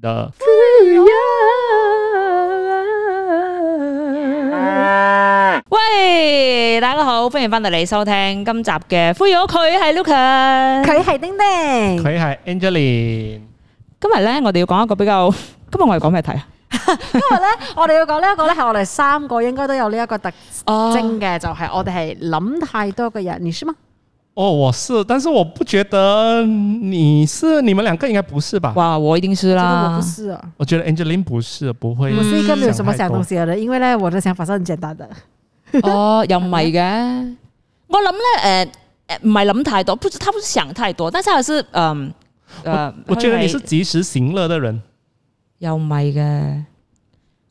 的。喂，大家好，歡迎翻到嚟收聽今集嘅《The Fuyoh》，佢係 Lucas，佢係丁丁，佢係 Angeline。今日咧，我哋要講一個比較，今日我哋講咩題啊？今日咧，我哋要講呢一個咧，係我哋三個應該都有呢一個特徵嘅，就係我哋係諗太多嘅人，你識嗎？哦，我是，但是我不覺得你是，你們兩個應該不是吧？哇，我一定是啦，我，我不是啊、哦。我覺得 Angeline 不是，不會、嗯，我是一個沒有什麼想東西的，因為呢，我的想法是很簡單的。 哦，又唔係嘅，我諗呢，誒，唔係諗太多，不，他不是想太多，但是還是，嗯，呃，我覺得你是及時行樂的人，又、嗯、唔係嘅。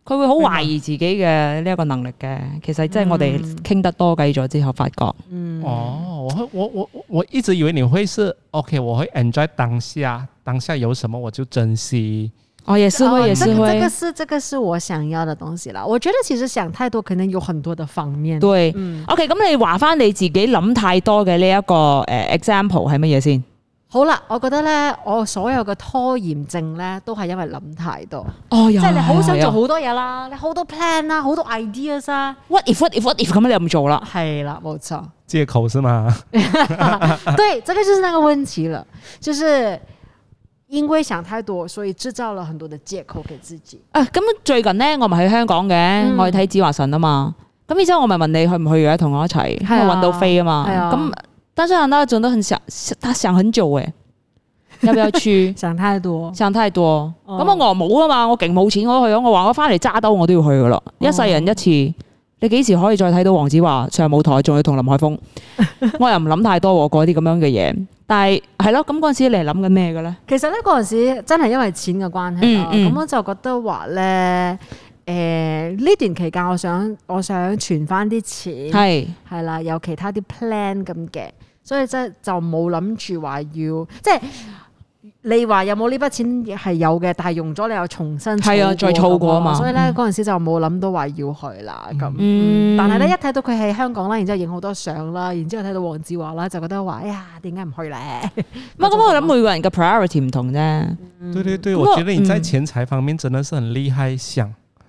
佢會好懷疑自己嘅呢一個能力嘅，其實即係我哋傾得多偈咗之後發覺。嗯，哦、嗯 oh,，我我我我一直以為你會是，OK，我會 enjoy 當下，當下有什麼我就珍惜。哦，也是會，也是會，這個是這個是我想要的東西啦。我覺得其實想太多，可能有很多的方面。對、嗯、，OK，咁、嗯嗯、你話返你自己諗太多嘅呢一個誒 example 係乜嘢先？好啦，我覺得咧，我所有嘅拖延症咧，都係因為諗太多，哦、即係你好想做好多嘢啦、啊，你好多 plan 啦、啊，好多 ideas 啦，what if what if what if 咁樣你唔做了？係啦，冇錯，借口係嘛？ 對，這個就是那個問題了，就是因為想太多，所以製造了很多的借口給自己。啊，咁最近咧，我咪去香港嘅、嗯，我去睇子華神啊嘛，咁之後我咪問你去唔去嘅，同我一齊，因為揾到飛啊嘛，咁。但係人咧，想得很想，他想，想，想很做誒，要不要去？ 想太多，想太多。咁、嗯、我冇啊嘛，我勁冇錢，我去咗我話我翻嚟揸兜，我都要去噶啦。一世人一次，嗯、你幾時可以再睇到黃子華上舞台，仲要同林海峰？ 我又唔諗太多喎，嗰啲咁樣嘅嘢。但係係咯，咁嗰陣時你諗緊咩嘅咧？其實咧，嗰陣時真係因為錢嘅關係咯，咁、嗯嗯、我就覺得話咧，誒、呃、呢段期間我想我想存翻啲錢，係係啦，有其他啲 plan 咁嘅。所以即係就冇諗住話要，即係你話有冇呢筆錢係有嘅，但係用咗你又重新係啊再湊過啊嘛，所以咧嗰陣時就冇諗到話要去啦，咁、嗯。但係咧一睇到佢喺香港啦，然之後影好多相啦，然之後睇到王志華啦，就覺得話哎呀，點解唔去咧？不 過我諗每個人嘅 priority 唔同啫。對對對，我覺得你在錢財方面真的是很厲害，嗯，想。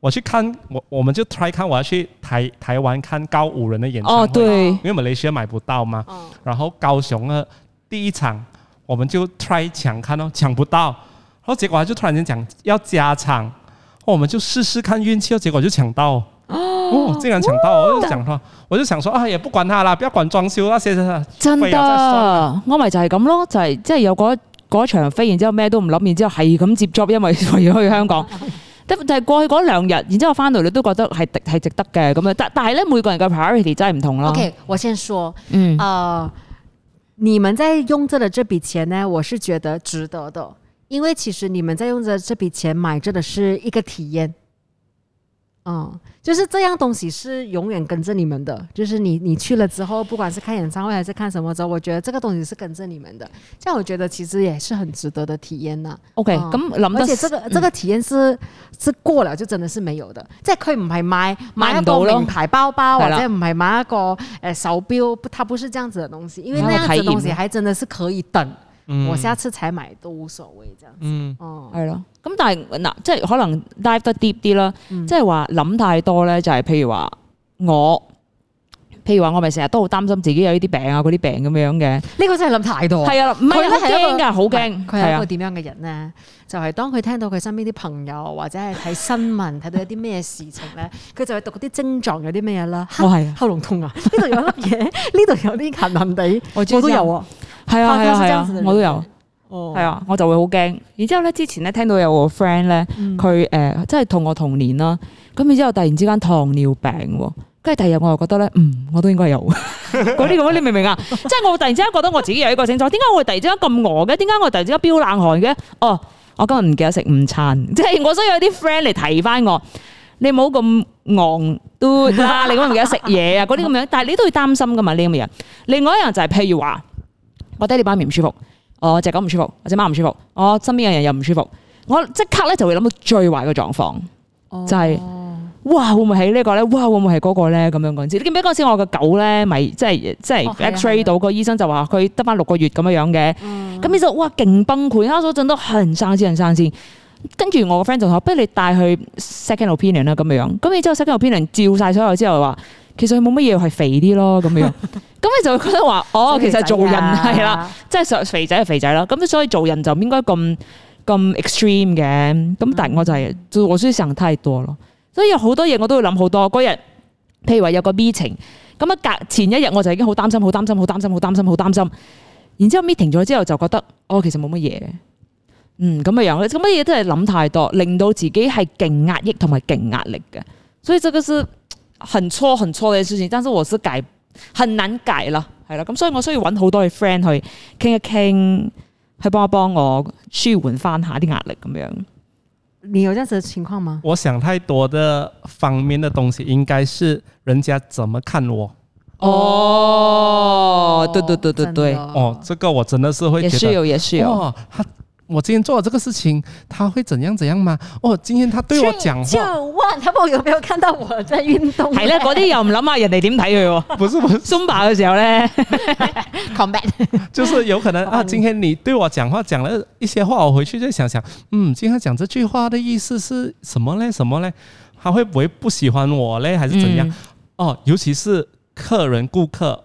我去看我，我們就 try 看我要去台台灣看高五人的演唱會，哦，對，因為我們馬來西亞買不到嘛。嗯、然後高雄啊第一場，我們就 try 搶看咯，搶不到。然後結果就突然間講要加場，我們就試試看運氣，結果就搶到。啊、哦，竟然搶到！哦、我就想話，我就想說，啊，也不管他啦，不要管裝修那些，真的，我咪就係咁咯，就係、是、即係有嗰嗰場飛，然之後咩都唔諗，然之後係咁接 job 因為我要去香港。 即就係、是、過去嗰兩日，然之後翻到嚟都覺得係值係值得嘅咁樣，但但係咧每個人嘅 priority 真係唔同咯。OK，我先說，嗯，啊、呃，你們在用着的這筆錢咧，我是覺得值得的，因為其實你們在用着這筆錢買着的是一個體驗。嗯，就是這樣東西是永遠跟着你們的，就是你你去了之後，不管是看演唱會還是看什麼，之後我覺得這個東西是跟着你們的，這樣我覺得其實也是很值得的體驗呐、啊。OK，咁、嗯嗯嗯，而且這個這個體驗是、嗯、是過了就真的是沒有的，這可以唔係買買，買一個名牌包包，或者唔係買一個誒手表，不，它不是這樣子的東西，因為那樣子東西還真的是可以等。我下一次才埋都無所謂，這樣嗯嗯的，哦，係咯。咁但係嗱，即係可能 dive 得 deep 啲啦，即係話諗太多咧，就係譬如話我，譬如話我咪成日都好擔心自己有呢啲病啊，嗰啲病咁樣嘅。呢、這個真係諗太多，係啊，唔係咩驚噶，好驚。佢係一個點樣嘅人咧？就係、是、當佢聽到佢身邊啲朋友或者係睇新聞睇 到有啲咩事情咧，佢就會讀啲症狀有啲咩嘢啦。我係喉嚨痛啊，呢 度有一粒嘢，呢度有啲痕痕哋， 我都有啊。係啊係啊係啊，我都有，係、哦、啊，我就會好驚。然之後咧，之前咧聽到有個 friend 咧，佢誒、嗯，即係同我同年啦。咁然之後突然之間糖尿病，跟住第二日我又覺得咧，嗯，我都應該有嗰啲咁， 你明唔明啊？ 即係我突然之間覺得我自己有一個症狀，點解我會突然之間咁餓嘅？點解我突然之間飆、呃、冷汗嘅？哦，我今日唔記得食午餐，即係我需要有啲 friend 嚟提翻我。你冇咁戇 d 你今日唔記得食嘢啊？嗰啲咁樣，但係你都會擔心噶嘛？呢咁嘅人，另外一人就係譬如話。我爹哋媽咪唔舒服，我隻狗唔舒服，我隻貓唔舒服，我身邊嘅人又唔舒服，我即刻咧就會諗到最壞嘅狀況，oh。就係哇會唔會喺呢個咧？哇會唔會係嗰個咧？咁樣嗰陣，你記唔記得嗰陣時我個狗咧，咪即係即係 X-ray 到個、oh，醫生就話佢得翻六個月咁樣樣嘅，咁、嗯、你就話哇勁崩潰，我嗰陣都恨生先恨生先，跟住我個 friend 就話，不如你帶去 second opinion 啦咁樣，咁之後 second opinion 照晒所有之後話。其實佢冇乜嘢，係肥啲咯咁樣，咁你就會覺得話，哦，其實做人係啦，即 係、就是、肥仔係肥仔啦，咁所以做人就應該咁咁 extreme 嘅，咁但係我就係、是、我需要想太多咯，所以有好多嘢我都會諗好多。嗰日，譬如話有個 meeting，咁啊隔前一日我就已經好擔心，好擔心，好擔心，好擔心，好擔心，心。然之後 meeting 咗之後就覺得，哦，其實冇乜嘢，嗯，咁嘅樣，咁乜嘢都係諗太多，令到自己係勁壓抑同埋勁壓力嘅，所以真嘅很錯很錯嘅事情，但是我是改，很難改啦，係啦，咁所以我所以揾好多嘅 friend 去傾一傾，去幫一幫我，去舒緩翻下啲壓力咁樣。你有這樣子的情況嗎？我想太多的方面嘅東西，應該是人家怎麼看我。哦，對對對對對，哦,哦，這個我真的是會覺得，也是有，也是有。哦我今天做了這個事情，他會怎樣怎樣嗎？哦，今天他對我講話，他問有沒有看到我在運動。係 咧，嗰啲又唔諗下人哋點睇佢喎。不是不是，Zumba 嘅時候咧 ，combat，就是有可能啊。今天你對我講話講了一些話，我回去就想想，嗯，今天講這句話的意思是什麼咧？什麼咧？他會不會不喜歡我咧？還是怎樣，嗯？哦，尤其是客人、顧客。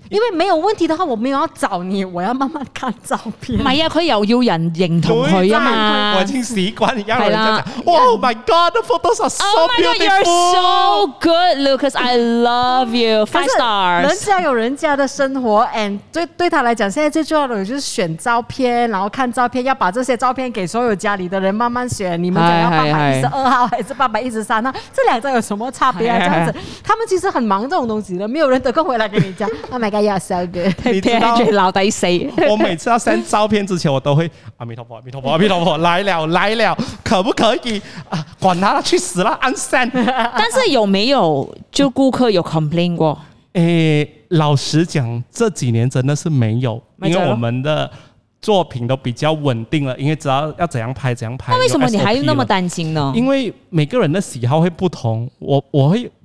因為沒有問題的話，我沒有要找你，我要慢慢看照片。唔係啊，佢又要人認同佢啊嘛。我已經習慣一家人講。係啦。Oh my god! The photos are so、oh、god, beautiful. So good, l 照片。a s I love you. f i 照片。stars. 能夠有人家的生活，and 對對他來講，現在最重要的就係選照片，然後看照片，要把這些照片給所有家裡的人慢慢選。你們講要爸爸一十二號，還是爸爸一十三？那這兩張有什麼差別啊？這樣子，他們其實很忙，這種東西的，沒有人得空回來跟你講。 oh my god! 廿首歌，聽住留底死。我每次要 send 照片之前，我都會阿彌、啊、陀佛，阿、啊、彌陀佛，阿、啊、彌陀、啊、陀佛，來了來了，可不可以？啊，管他，去死啦，unsend 但是有沒有就顧客有 complain 過、嗯？誒，老實講，這幾年真的是沒有，因為我們的作品都比較穩定了，因為知道要怎樣拍，怎樣拍。那為什麼你還那麼擔心呢？因為每個人的喜好會不同，我我會。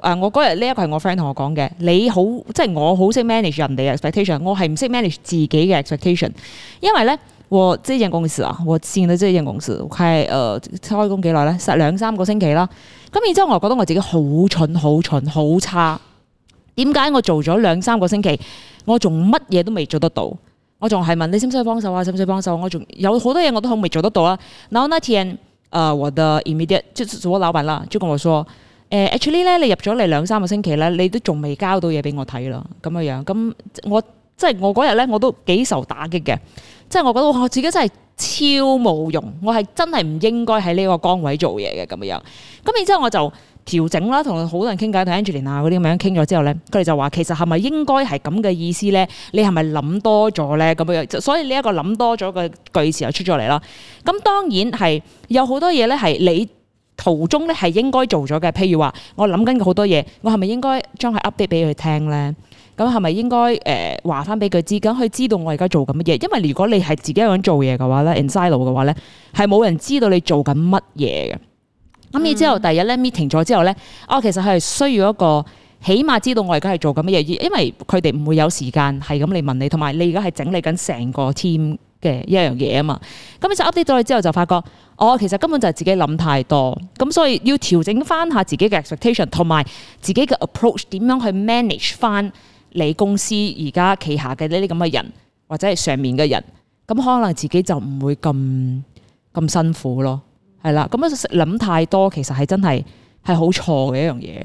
啊、我嗰日呢一個係我 friend 同我講嘅，你好，即係我好識 manage 人哋嘅 expectation，我係唔識 manage 自己嘅 expectation，因為咧，我呢間公司啊，我試完呢間公司，係誒、呃、開工幾耐咧，實兩三個星期啦。咁然之後我覺得我自己好蠢、好蠢、好差。點解我做咗兩三個星期，我仲乜嘢都未做得到？我仲係問你使唔使幫手啊？使唔使幫手、啊？我仲有好多嘢我都好未做得到啦、啊。然後那天，誒、呃，我的 immediate 就是我老闆啦，就跟我講。誒 actually 咧，你入咗嚟兩三個星期咧，你都仲未交到嘢俾我睇啦，咁樣樣，咁我即係我嗰日咧，我都幾受打擊嘅，即係我覺得我自己真係超冇用，我係真係唔應該喺呢個崗位做嘢嘅，咁樣樣，咁然之後我就調整啦，同好多人傾偈，同 Angeline 嗰啲咁樣傾咗之後咧，佢哋就話其實係咪應該係咁嘅意思咧？你係咪諗多咗咧？咁樣，所以呢一個諗多咗嘅句詞又出咗嚟啦。咁當然係有好多嘢咧，係你。途中咧係應該做咗嘅，譬如話我諗緊好多嘢，我係咪應該將佢 update 俾佢聽咧？咁係咪應該誒話返俾佢知，咁、呃、佢知道我而家做緊乜嘢？因為如果你係自己一個人做嘢嘅話咧，insider 嘅話咧，係冇人知道你做緊乜嘢嘅。咁、嗯、之後，第一咧 meeting 咗之後咧，哦，其實係需要一個起碼知道我而家係做緊乜嘢，因為佢哋唔會有時間係咁嚟問你，同埋你而家係整理緊成個 team 嘅一樣嘢啊嘛，咁你就 update 到你之後就發覺，我、哦、其實根本就係自己諗太多，咁所以要調整翻下自己嘅 expectation，同埋自己嘅 approach，點樣去 manage 翻你公司而家旗下嘅呢啲咁嘅人，或者係上面嘅人，咁可能自己就唔會咁咁辛苦咯，係啦，咁樣諗太多其實係真係係好錯嘅一樣嘢。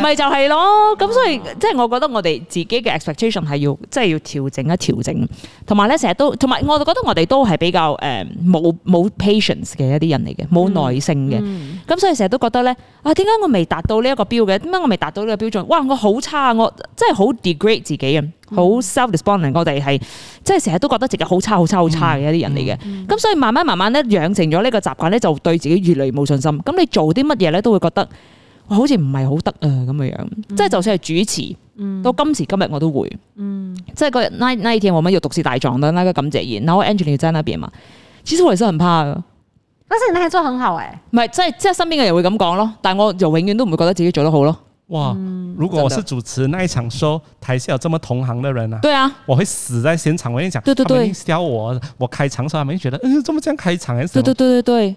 咪就係咯，咁所以即係我覺得我哋自己嘅 expectation 係要即係要調整一調整，同埋咧成日都同埋我就覺得我哋都係比較誒冇冇 patience 嘅一啲人嚟嘅，冇耐性嘅。咁、嗯、所以成日都覺得咧啊，點解我未達到呢一個標嘅？點解我未達到呢個標準？哇，我好差，我真係好 degrade 自己啊，好 self-disponding。我哋係即係成日都覺得自己好差、好差、好差、好差、好差、嗯、好差嘅一啲人嚟嘅。咁所以慢慢慢慢咧養成咗呢個習慣咧，就對自己越嚟越冇信心。咁你做啲乜嘢咧都會覺得。好似唔係好得啊咁嘅樣、嗯，即係就算係主持、嗯，到今時今日我都會，嗯、即係個 night night 我咪要獨善大狀啦，嗰感謝演，嗱個 Angela 喺那邊嘛，其實我係真係很怕嘅。但是你那真做很好誒、欸，唔係即係即係身邊嘅人會咁講咯，但係我就永遠都唔會覺得自己做得好咯。哇！如果我是主持那一場，說台下有這麼同行的人啊，對啊，我會死在現場。我跟你講，我對對，對對，他、啊、們笑我，我開場出來，他們覺得，嗯、欸，麼這麼樣開場誒，對對對對對，對。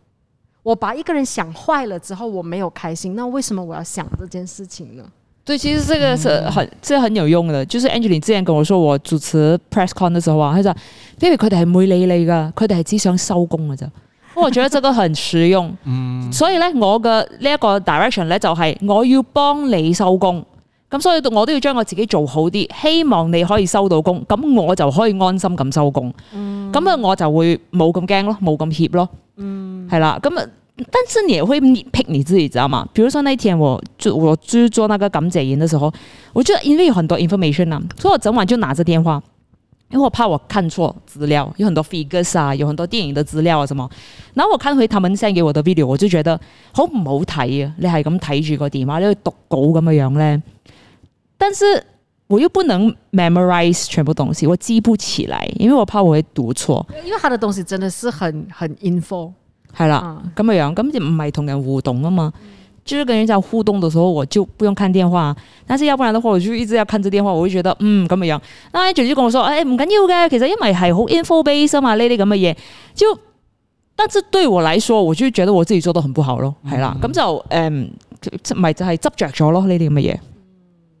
我把一個人想壞了之後，我沒有開心。那為什麼我要想這件事情呢？對，其實這個是很這很有用的。就是 Angeline 之前跟我說，我主持 press con 的時候，他說：“Baby 佢哋係唔理你噶，佢哋係只想收工噶啫。 ”我覺得這個很實用。嗯，所以呢、就是，我嘅呢一個 direction 呢，就係我要幫你收工。咁所以我都要將我自己做好啲，希望你可以收到工，咁我就可以安心咁收工。咁、嗯、啊，咁我就會冇咁驚咯，冇咁怯咯。係、嗯、啦，咁啊，但是你也會逼你自己，知道嗎？譬如說那天我，我我做那個感謝宴的時候，我覺得因為有很多 information 啊，所以我整晚就拿着電話，因為我怕我看錯資料，有很多 figures 啊，有很多電影的資料啊，什麼。然後我看回他們 send 我的 video，我都覺得好唔好睇啊！你係咁睇住個電話，你讀稿咁嘅樣咧。但是我又不能 memorize 全部東西，我記不起來，因為我怕我會讀錯。因為他的東西真的是很很 info，係啦，咁樣樣根本就唔係同人互動啊嘛，就是跟人家互動的時候我就不用看電話，但是要不然的話我就一直要看住電話，我就覺得嗯咁樣。阿 JoJo 跟我說，誒唔緊要嘅，其實因為係好 info base 啊嘛呢啲咁嘅嘢，就，但是對我來說我就覺得我自己做得很不好咯，係啦，咁、嗯、就誒咪、嗯、就係執着咗咯呢啲咁嘅嘢。這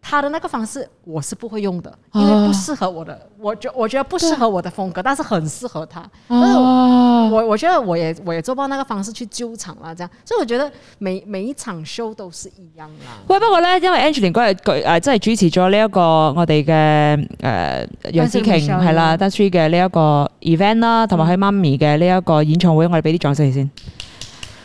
他的那個方式我是不會用的，因為不適合我的，我、啊、覺我覺得不適合我的風格，但是很適合他。哦、啊，但是我我覺得我也我也做唔到那個方式去糾纏啦，這樣，所以我覺得每每一場 show 都是一樣啦。喂、哎，不過咧，因為 Angeline 嗰日佢誒真係主持咗呢一個我哋嘅誒楊紫瓊係啦 Tan Sri 嘅呢一個 event 啦，同埋佢媽咪嘅呢一個演唱會，我哋俾啲掌聲先。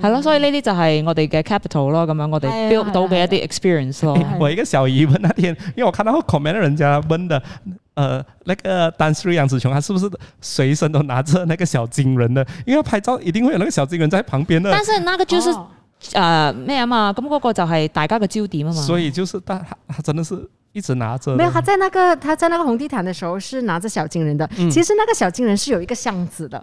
係、嗯、咯，所以呢啲就係我哋嘅 capital 咯，咁樣我哋 build,、哎、build 對對對到嘅一啲 experience 咯、哎。我一個小疑問，那天，因為我看到我 comment 人家問的，呃，那個丹斯瑞楊紫瓊，她是不是隨身都拿着那個小金人呢？因為拍照一定會有那個小金人在旁邊。但是那個就是誒咩啊嘛，咁、嗯、嗰、那個就係大家嘅焦點啊嘛、哦。所以就是，但係他真的是一直拿着。沒有，他在那個他在那個紅地毯的時候是拿着小金人的、嗯。其實那個小金人是有一個箱子的。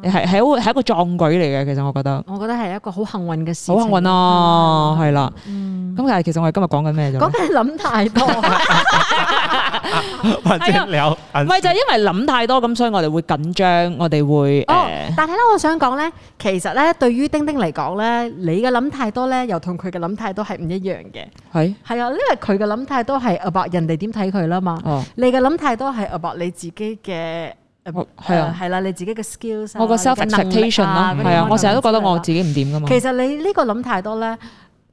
你係一個壯舉嚟嘅，其實我覺得，我覺得係一個好幸運嘅事，好幸運啊，係啦。咁、嗯、但係其實我哋今日講緊咩？就講緊諗太多。 或者你唔係、啊、就係因為諗太多咁，所以我哋會緊張，我哋會、哦、但係咧，我想講咧，其實咧，對於丁丁嚟講咧，你嘅諗太多咧，又同佢嘅諗太多係唔一樣嘅。係係啊，因為佢嘅諗太多係 about 人哋點睇佢啦嘛。你嘅諗太多係 about 你自己嘅。係啊，係啦，你自己嘅 skills，我個 self expectation 咯，係啊，我成日都覺得我自己唔掂㗎嘛。其實你呢個諗太多咧，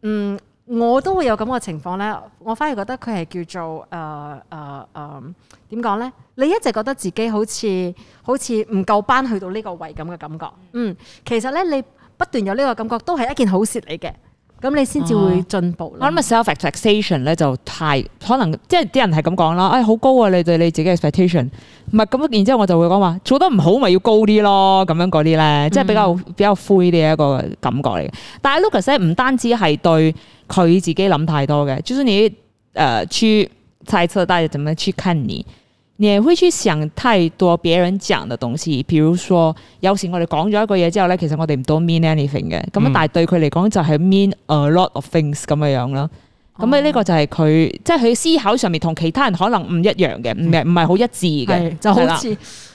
嗯，我都會有咁嘅情況咧。我反而覺得佢係叫做誒誒誒點講咧？你一直覺得自己好似好似唔夠班去到呢個位咁嘅感覺。嗯，其實咧，你不斷有呢個感覺，都係一件好事嚟嘅。咁你先至會進步啦。我諗啊，self expectation 咧就太可能，即係啲人係咁講啦。哎，好高啊！你對你自己 expectation，唔係咁，然之後我就會講話做得唔好咪要高啲咯，咁樣嗰啲咧，即係比較比較灰啲一個感覺嚟嘅。但係 Lucas 咧唔單止係對佢自己諗太多嘅，就是你誒、呃、去猜測大家點樣去看你。你會去想太多別人講嘅東西，譬如說，有時我哋講咗一個嘢之後咧，其實我哋唔多 mean anything 嘅，咁、嗯、但係對佢嚟講就係 mean a lot of things 咁嘅樣咯。咁啊、嗯，呢個就係佢即係佢思考上面同其他人可能唔一樣嘅，唔係唔係好一致嘅，嗯、就好似。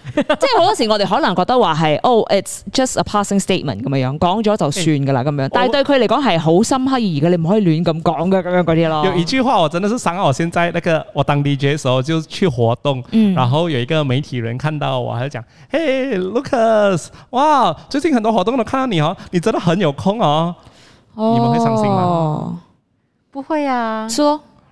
即係好多時，我哋可能覺得話係，哦，it's just a passing statement 咁樣樣，講咗就算噶啦，咁、欸、樣。但係對佢嚟講係好深刻意義嘅，你唔可以亂咁講噶。剛剛嗰啲咯。有一句話我真的是傷我，先在那個我當 DJ 嘅時候就去活動、嗯，然後有一個媒體人看到我，佢就講、嗯、：，y、Hey, Lucas 哇，最近很多活動都看到你哦，你真的很有空哦。Oh, 你們會傷心嗎？不會啊，做、so?。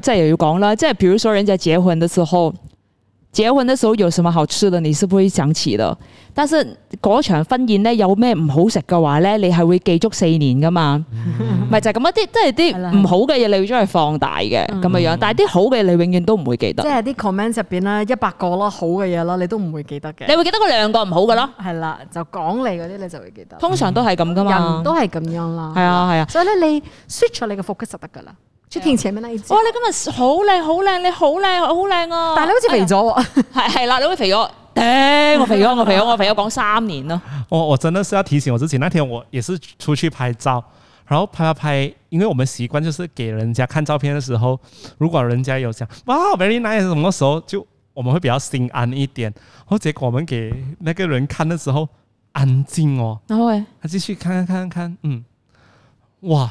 再又要講啦，再比如說，人家結婚的時候，結婚的時候有什麼好吃的，你是不會想起的。但是過場婚宴咧，有咩唔好食嘅話咧，你係會記足四年噶嘛？咪、嗯、就咁、是就是、一啲，即係啲唔好嘅嘢，你會將佢放大嘅咁嘅樣。但係啲好嘅，你永遠都唔會記得。即係啲 comment 入邊啦，一百個咯，好嘅嘢咯，你都唔會記得嘅。你會記得兩個兩個唔好嘅咯？係、嗯、啦，就講你嗰啲，你就會記得。通常都係咁噶嘛，人都係咁樣啦。係啊係啊，所以咧，你 switch 你嘅 focus 就得噶啦。聽前面咩例子。哇！你今日好靚，好靚，你好靚，好靚啊！但係你好似肥咗喎，係係啦，你好似肥咗，誒我肥咗，我肥咗，我肥咗，講三年咯。我、哦、我真的是要提醒我自己，那天我也是出去拍照，然後拍拍拍，因為我們習慣就是給人家看照片的時候，如果人家有講，哇，very nice，嘅時候就我們會比較心安一點。然後結果我們給那個人看的時候，安靜哦，然後咧，他繼續看，看，看，看，嗯，哇。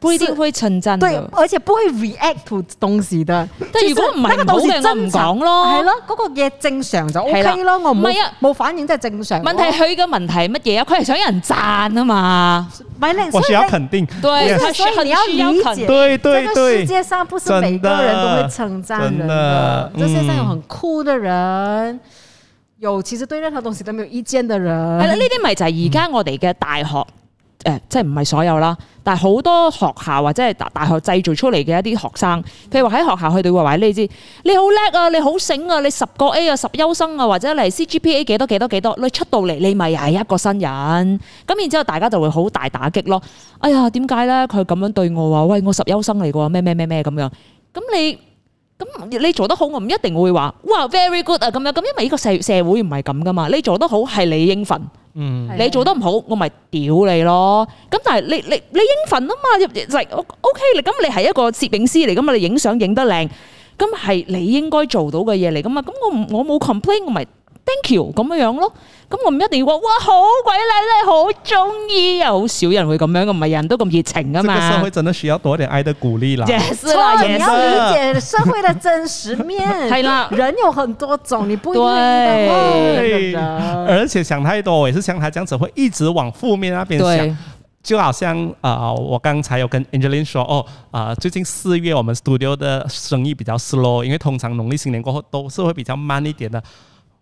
不一定會稱讚的，對，而且不會 react to 東西的。但如果唔係，當時真唔講咯，係咯，嗰、那個嘢正常就 OK 咯，我唔係啊，冇反應即係正常。問題佢嘅問題乜嘢啊？佢係想有人讚啊嘛，我需要肯定，對，所以你要理解，對對對，這個、世界上不是每個人都會稱讚人嘅，世界、嗯、上有很酷的人，有其實對任何東西都冇意見的人，係、嗯、啦，呢啲咪就係而家我哋嘅大學。誒、呃，即係唔係所有啦，但係好多學校或者係大大學製造出嚟嘅一啲學生，譬如話喺學校佢哋會話你知，你好叻啊，你好醒啊，你十個 A 啊，十優生啊，或者嚟 CGPA 幾多幾多幾多，你出到嚟你咪係一個新人，咁然之後大家就會好大打擊咯。哎呀，點解咧佢咁樣對我話，喂，我十優生嚟噶咩咩咩咩咁樣，咁你咁你做得好，我唔一定會話，哇 very good 啊咁樣，咁因為呢個社社會唔係咁噶嘛，你做得好係你應份。嗯，你做得唔好，我咪屌你咯。咁但係你你你應份啊嘛，就係 OK。你咁你係一個攝影師嚟，咁你影相影得靚，咁係你應該做到嘅嘢嚟噶嘛。咁我我冇 complain，我咪。thank you 咁樣樣咯，咁我唔一定要話哇好鬼靚咧，好中意啊，好少人會咁樣噶，唔係人都咁熱情噶嘛。這個、社會真係需要多啲愛的鼓勵啦。錯、yes，你要理解社會的真實面， 啦，人有很多種，你不一定對、哦對。對，而且想太多，我也是像佢講，只會一直往負面那邊想。就好像啊、呃，我剛才有跟 Angeline 說，哦，啊、呃，最近四月我們 Studio 的生意比較 slow，因為通常農曆新年過後都是會比較慢一點的。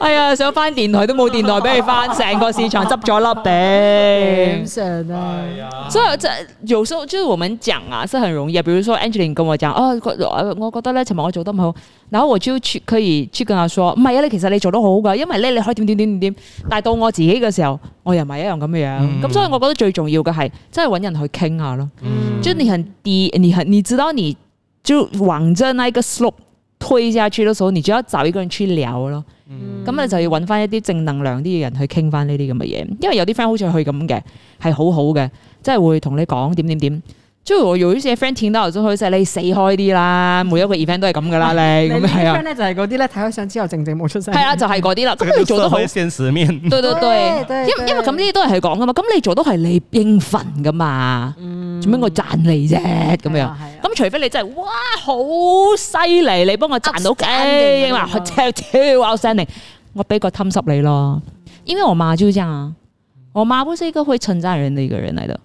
哎呀，想返電台都冇電台俾你返，成個市場執咗粒餅、 嗯嗯嗯嗯嗯。所以即係有時候，即、就、係、是、我們講啊，就是很容易。比如說 Angeline 跟我講，哦、啊，我覺得咧，尋日我做得唔好，然後我就去可以去跟佢說，唔係咧，其實你做得好好噶，因為咧你，你可以點點點點點。但係到我自己嘅時候，我又唔係一樣咁嘅樣。咁、嗯、所以我覺得最重要嘅係，真係搵人去傾下咯。j o h 係跌，你係你知道你就橫住那一個 slope。推之下出到所以，最後走依個人出料咯。咁啊、嗯，你就要揾翻一啲正能量啲嘅人去傾翻呢啲咁嘅嘢，因為有啲 friend 好似佢咁嘅，係好好嘅，即係會同你講點點點。即係我如果啲 friend 聽到我，我最好就你死開啲啦！每一個 event 都係咁噶啦，你係啊 event 咧就係嗰啲咧，睇開相之後靜靜冇出聲。係啊，就係嗰啲啦。咁你、啊就是、做都好可以現實面。對對對，因因為咁呢啲都係講噶嘛，咁、嗯、你做到係你應份噶嘛。做咩我讚你啫？咁、啊、樣，咁除非你真係哇好犀利，你幫我賺到嘅話，超我俾個氹濕你咯。因為我媽就是這樣啊，我媽不是一個會稱讚人的一個人嚟的。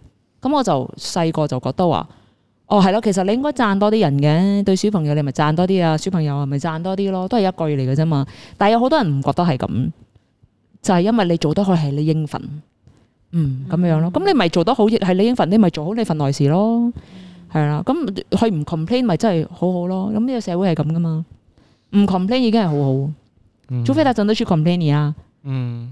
咁我就細個就覺得話，哦係咯，其實你應該讚多啲人嘅，對小朋友你咪讚多啲啊，小朋友係咪讚多啲咯，都係一句嚟嘅啫嘛。但係有好多人唔覺得係咁，就係、是、因為你做得好係你應份，嗯咁樣咯。咁、嗯、你咪做得好亦係你應份，你咪做好你份內事咯，係啦。咁佢唔 complain 咪真係好好咯。咁呢個社會係咁噶嘛，唔 complain 已經係好好。除非、嗯、你真都處 complain 你啊。嗯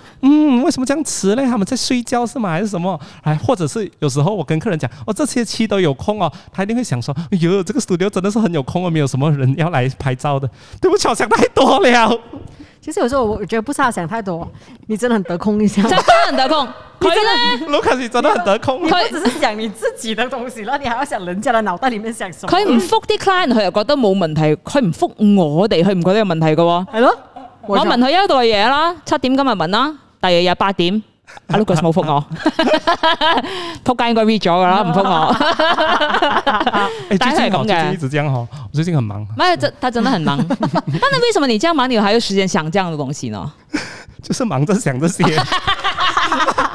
嗯，為什麼這樣遲咧？他們在睡覺是嗎，還是什麼？哎，或者是有時候我跟客人講，我、哦、這些期都有空哦，他一定會想說，哎喲，這個 studio 真的是很有空、哦，而沒有什麼人要來拍照的。對不起，我想太多了。其實有時候我我覺得不是他想太多，你真的很得空一下 得太多，你想， 你真,的 Lucas, 你真的很得空。佢咧 Lucas 真的很得空，佢只是想你自己的東西，那 你還要想人家的腦袋裏面想什麼？佢唔覆啲 client，佢又覺得冇問題，佢唔覆我哋，佢唔覺得有問題㗎喎。係咯，我問佢一個嘢啦，七點今日問啦。第二日八點，阿 Lucas 冇覆我，仆街應該 read 咗㗎啦，唔覆我。哈哈欸、但係係咁嘅，好一直咁嘅。我最近很忙，唔係真，他真的很忙。 但係為什麼你這樣忙，你還有時間想這樣的東西呢？就是忙着想這些。